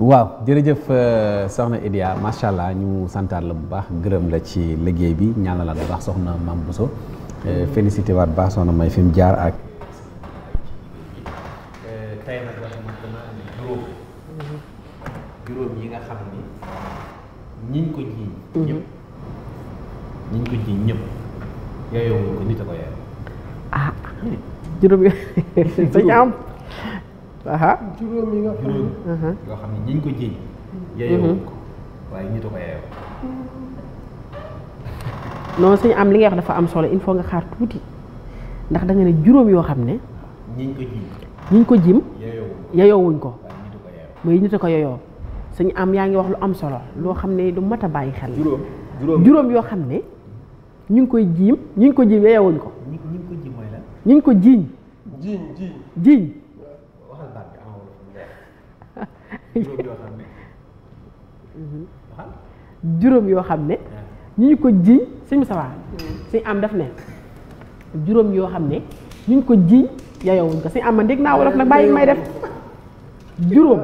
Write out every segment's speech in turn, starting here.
waaw jërëjëf euh, soxna Idia macha allah ñu santaat la bu baax gërëm la ci liggéey bi ñaanal la baax soxna Mame Bousso euh, félicité waat baax soxna may fi jaar ak. juróom yi nga xam ni ñiñ ko jiiñ mhm. ñëpp ñiñ ko nit a ko ah juróom yi dañu am aha juróom yi yoo xam ne ko jiñ mm-hmm. yeyoo am li nga wax dafa am solo il faut nga xaar tuuti ndax da ne juróom yoo xam ne ñiñ ko jiñ ñiñ ko jim yeyoowuñ ko mooy ñi ko yeyoo suñu am yaa ngi wax lu am solo loo xam ne du mat a bàyyi xel juróom yoo xam ne ñu ngi koy jiim ñu ngi ko jiim yeyoowuñ ko ñu ko jiim ñu ngi ko jiiñ jiiñ jiiñ juróom yoo xam ne. Mhm. Ah. ñu ñu ko jiñ sëñ Moussa Ba sëñ am daf ne juróom yoo xam ne ñu ñu ko jiñ yayowuñ ko sëñ am man dégg naa wolof nag bàyyi may def juróom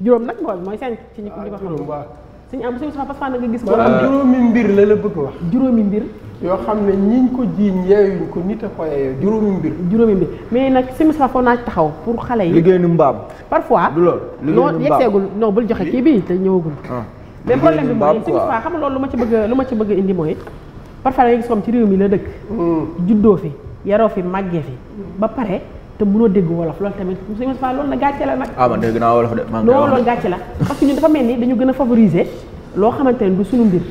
juróom nag mooy mooy seen ci ñi ko xamul ah, sëñ am sëñ Moussa Ba parce que gis ko am juróomi mbir la la bëgg wax juróomi mbir yoo xam ne ñiñ ko jiiñ yeeyuñ ko nit a ko yeeyoo juróomi mbir. juróomi mbir mais nag si misaal foofu naa taxaw pour xale yi. liggéey nu mbaam. parfois du loolu liggéey nu yegseegul non bul joxe bii te ñëwagul. Ah. mais problème bi mooy si misaal loolu lu ma ci bëgg lu ma ci bëgg indi mooy parfois da ngay gis ci réew mi la dëkk. Hmm. juddoo fi yaroo fi màggee fi ba pare. te mënoo dégg wolof loolu tamit monsieur Moussa loolu la gàcce la nag. ah man dégg naa wolof de. maa loolu gàcce la parce que ñun dafa mel ni dañu gën a favoriser loo xamante ne du suñu mbir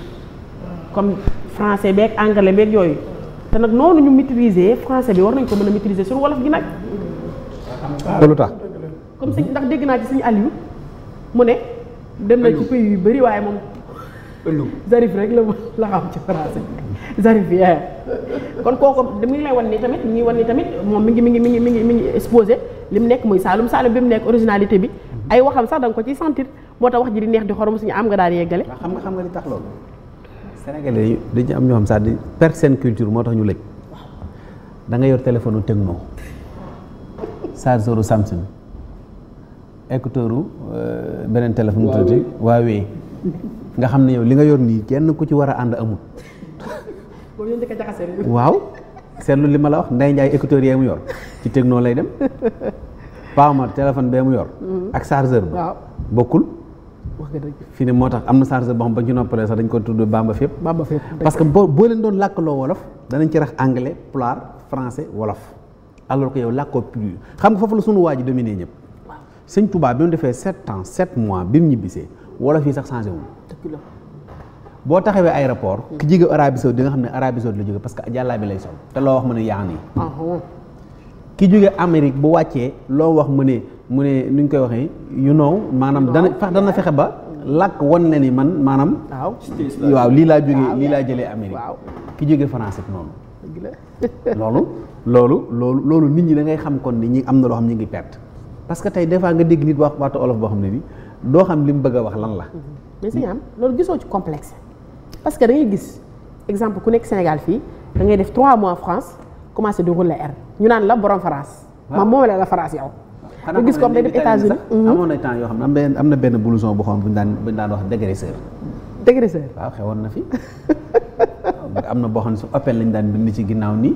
comme. français beeg anglais beeg yooyu te nag noonu ñu maîtriser français bi war nañ ko mën a maîtriser suñu wolof gi nag. lu tax. comme sëñ ndax dégg naa ci suñu Aliou mu ne. dem na ci pays yu bari waaye moom. zarif rek la la xam ci français zarif bi kon kooku mi ngi lay wan ni tamit mi ngi wan ni tamit moom mi ngi mi ngi mi ngi mi ngi mi li mu nekk muy saalum saalum bi mu nekk originalité bi ay waxam sax da ko ci sentir moo tax wax ji di neex di xorom suñu am nga daal yeggale. xam nga xam nga li tax Sénégalais di dañu am ñoo xam sax di perte seen culture moo tax ñu lëj da yor téléphone u Tecno chargeur Samsung écouteur u euh, beneen téléphone mu tuddati nga xam ne yow li nga yor nii kenn ku ci war a ànd amut waaw seetlu li ma la wax Ndeye Ndiaye écouteur yee mu yor ci Tecno lay dem Paama téléphone bee mu yor mm-hmm. ak chargeur ba bokkul wax nga dëgg fi ne moo tax am na chargeur boo xam ba ñu noppalee sax dañ ko tudd bamba fépp bamba fépp boo leen doon làkkaloo wolof danañ ci rax anglais pulaar français wolof alors que yow làkkoo plus xam nga foofu la sunu waa ji dominé ñëpp sëñ Touba bi mu defee sept ans sept mois bi mu ñibbisee wolof yi sax changé wul boo taxawee aéroport ki jóge Arabie Saoudite di nga xam ne Arabie Saoudite la jóge parce que jàllaa bi lay sol te loo wax mu ne yaa ngi ah, oh. ki jóge Amérique bu wàccee loo wax ne mu ne nuñ koy waxee you know maanaam dana fax dana fexe ba làkk wan leen ni man maanaam waaw lii laa jógee lii laa jëlee Amérique ki jógee France ak noonu loolu loolu loolu loolu nit ñi da ngay xam kon ni ñi am na loo xam ñu ngi perte parce que tey des fois nga dégg nit wax waxtu olof boo xam ne bi doo xam li mu bëgg a wax lan la mm-hmm. mais si am hein, loolu gisoo ci complexe parce que da ngay gis exemple ku nekk Sénégal fii da ngay def trois mois France commencé de rouler R ñu naan la borom France ma moom la la France yow xanaa gis comme benn États-Unis amoon na temps yoo xam ne am na benn blouson boo xam bu ñu daan bu Aku daan wax dégraisseur dégraisseur waaw xewoon na fi am na boo xam ne su Opel lañ daan bind ci ginnaaw nii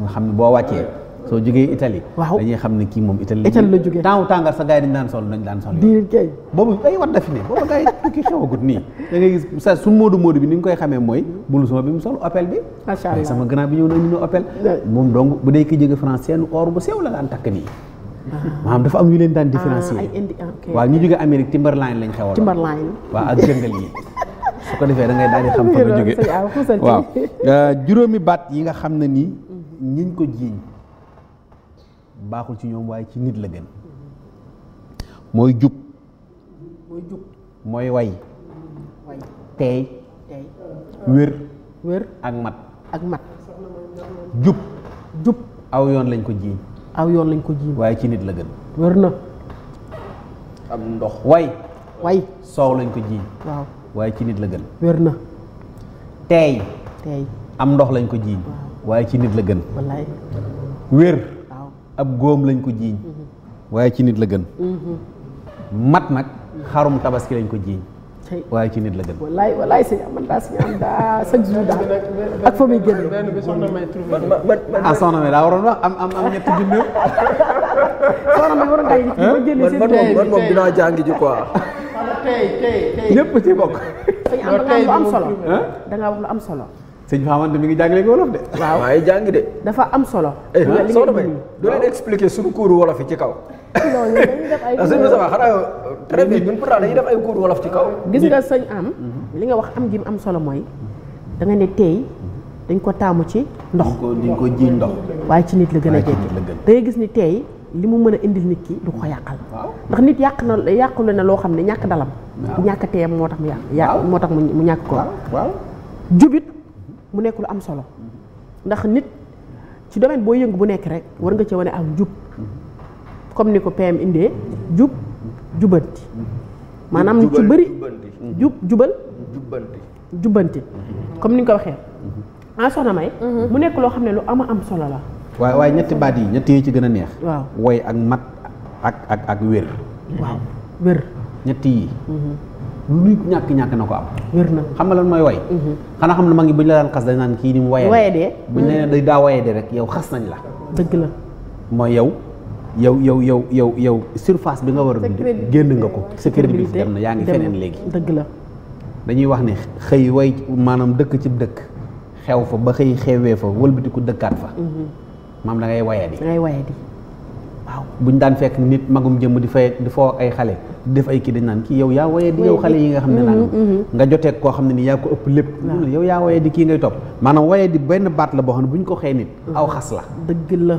nga xam ne boo wàccee soo jógee Italie waaw dañuy xam ne kii moom Italie Italie la jógee temps tàngaar sa gars yi dañ daan sol dañ daan sol diir kay boobu ay wat dafi ne boobu gars yi tukki xewagut nii da ngay gis sa su moodu moodu bi ni nga koy xamee mooy blouson bi mu sol Opel bi macha allah sama grand bi ñëw na ñu ne Opel moom donc bu dee ki jóge France seen or bu sew la daan takk nii maanaam dafa am yu leen daan ah, différencier ah, waaw ñu jóge Amérique Timberline lañ xewal Timberline waaw ak jëngal yi su ko defee da ngay daal di xam fa nga jóge ah, euh, baat yi nga xam ne nii ñiñ ko jiiñ baaxul ci ñoom waaye ci nit la gën mooy jub mooy way teey wér ak mat ak mat jub jub awyoon lañ ko jiiñ aw yoon lañ ko ji. waaye ci nit la gën. wër na. am ndox way. way soow lañ ko ji. waaye ci nit la gën. wër na. teey. teey am ndox lañ ko jiiñ waaye ci nit la gën. wallaay wér. ab góom lañ ko jiiñ mm-hmm. waaye ci nit la gën. Mm-hmm. mat nag xarum tabaski lañ ko jiiñ waaye ci nit la gën. wallaay wallaay sëñ am man daa sëñ am daa chaque jour daal ak fa muy génn. benn bi ah, soxna may daa waroon wax am am am ñetti junni. soxna waroon day nit ma génne seen man man ji quoi. tey tey tey ñëpp am da am solo da nga wax lu am solo. sëñ ngi jàngale ko wolof de. waaw waaye jàng de. dafa am solo. Eh, soxna may doo leen expliquer suñu kuuru wolof ci kaw. ay. sëñ Moussa ci kaw. gis nga sëñ am. li nga wax am ji mu am solo mooy. danga ne tey dañ ko taamu ci ndox. dañ ko ji ndox. waaye ci nit la gën a jege da gis ni tey li mu mën a indil nit ki du ko yàqal. ndax nit yàq na yàqule na loo xam ne ñàkk dalam. ñàkk teyam moo tax mu yàq. moo tax mu ñàkk ko. jubit mu nekk lu am solo. ndax nit ci domaine boo yëngu bu nekk rek war nga ci wane am jub. comme ni ko PM indee jub jubanti maanaam ci bëri jub jubal jubbanti jubbanti comme ni nga ko waxee en mhm. ah, soxna may mhm. mu nekk loo xam ne lu am am solo la waaye waaye ñetti baat yi ñetti yi ci gën a neex waaw woy ak mat ak ak ak wér waaw wér ñetti yi mhm. lu nit ñàkk ñàkk na ko am wér na xam nga lan mooy way xanaa xam ne ma ngi bu ñu la daan xas dañ naan kii ni mu waye de bu ñu la nee day daa waye de rek yow xas nañ la dëgg la mooy yow yow yow yow yow yow surface bi nga war a dund génn nga ko sa crédibilité dem na yaa ngi feneen léegi dëgg la dañuy wax ne xëy way maanaam dëkk ci dëkk xew fa ba xëy xewee fa wëlbatiku dëkkaat fa mhm. maam da ngay wayadi da ngay wayadi waaw buñ daan fekk nit magum jëmm di fay di ay xale def ay kii dañ naan kii yow yaa wayadi xale yi nga xam ne naan mhm, mhm. nga joteeg koo xam ne ni yaa ko ëpp lépp yow yaa wayadi kii ngay topp maanaam wayadi benn baat la boo xam ne bu ñu ko xëy nit aw xas la dëgg la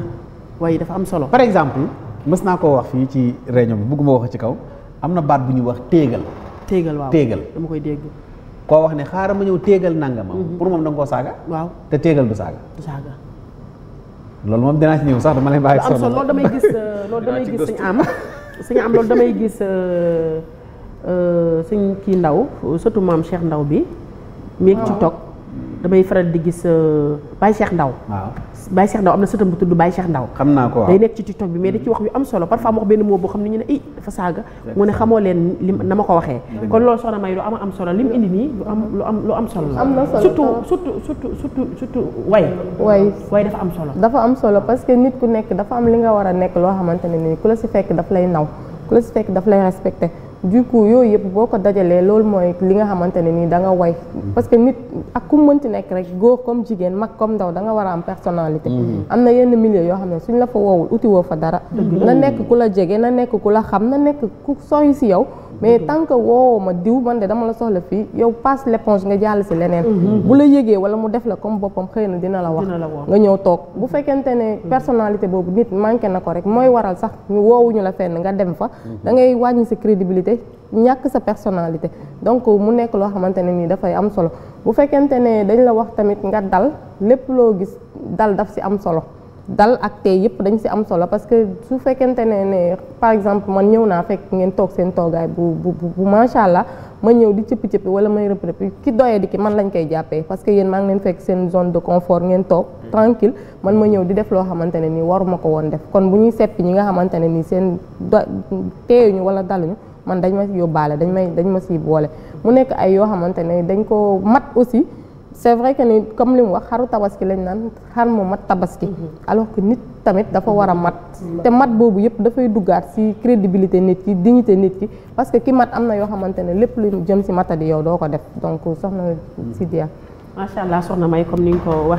waaye dafa am solo par exemple mës naa koo wax fii ci réunion bi bëgguma wax ci kaw am na baat bu ñuy wax téegal. téegal waaw téegal dama koy dégg. koo wax ne xaaral ma ñëw téegal nangamam. Mhm. pour moom da nga koo saaga. waaw te téegal du saaga. du saaga. loolu moom dinaa si ñëw sax dama lay bàyyi. am solo loolu damay gis euh, loolu damay gis suñu am suñu am loolu damay gis euh, euh, suñ kii ndaw surtout maam Cheikh Ndaw bi. waaw meeg ci toog damay faral di gis euh, Baye Cheikh Ndaw waaw Baye Ndaw am na sëtam bu tudd Baye Cheikh Ndaw xam naa ko waaw day nekk ci TikTok bi mais da ci wax yu am solo parfois mu wax ne ñu ne li na ko waxee kon loolu soxna May lu am am solo li mu indi nii lu am lu am lu am solo la surtout surtout surtout surtout surtout way way way dafa am solo dafa am solo parce que nit ku nekk dafa am li nga war a nekk loo xamante ne nii ku la si fekk daf lay naw ku la si fekk daf lay respecté du coup yooyu yëpp boo ko dajalee loolu mooy li nga xamante ne nii da nga way parce que nit ak ku mënti nekk rek góor comme jigéen mag comme ndaw da nga war a am personnalité mhm. am na yenn milieu yoo xam ne suñ la fa woowul uti fa dara na nekk ku la jege na nekk ku la xam na nekk ku sori si yow mais tant que woowoo ma diw man dama la soxla fii yow passe l'éponge nga jàll si leneen mhm. bu la yëgee wala mu def la comme boppam xëy na dina la wax nga ñëw toog bu fekkente ne mhm. personnalité boobu nit manqué na ko rek mooy waral sax ñu woowuñu la fenn nga dem fa da ngay wàññi sa personnalité ñak sa personnalité donc mu nek lo xamantene ni da fay am solo bu fekente ne dañ la wax tamit nga dal lepp lo gis dal daf si am solo dal ak té yépp dañ si am solo parce que su fekente ne né par exemple man ñëw na fek ngeen tok seen togaay bu bu bu macha allah ma ñëw di cëppi cëppi wala may rëpp rëpp ki doye di ki man lañ koy jappé parce que yeen ma ngi leen fek seen zone de confort ngeen tok tranquille man ma ñëw di def lo xamantene ni nii waruma ko def kon bu ñuy seppi ñi nga xamantene ni seen do wala daluñu man dañ ma yóbbaale dañ may dañ ma si boole mu nekk ay yoo xamante ne dañ ko mat aussi c'est vrai que ni comme li mu wax xaru tabaski lañ naan xar mu mat tabaski mm-hmm. alors que nit tamit dafa war a mm-hmm. mat mm-hmm. te mat boobu yëpp dafay duggaat ci crédibilité nit ki dignité nit ki parce que ki mat am na yoo xamante ne lépp lu jëm ci matadi yow doo ko def donc soxna Sidia macha allah soxna May comme ni nga ko wax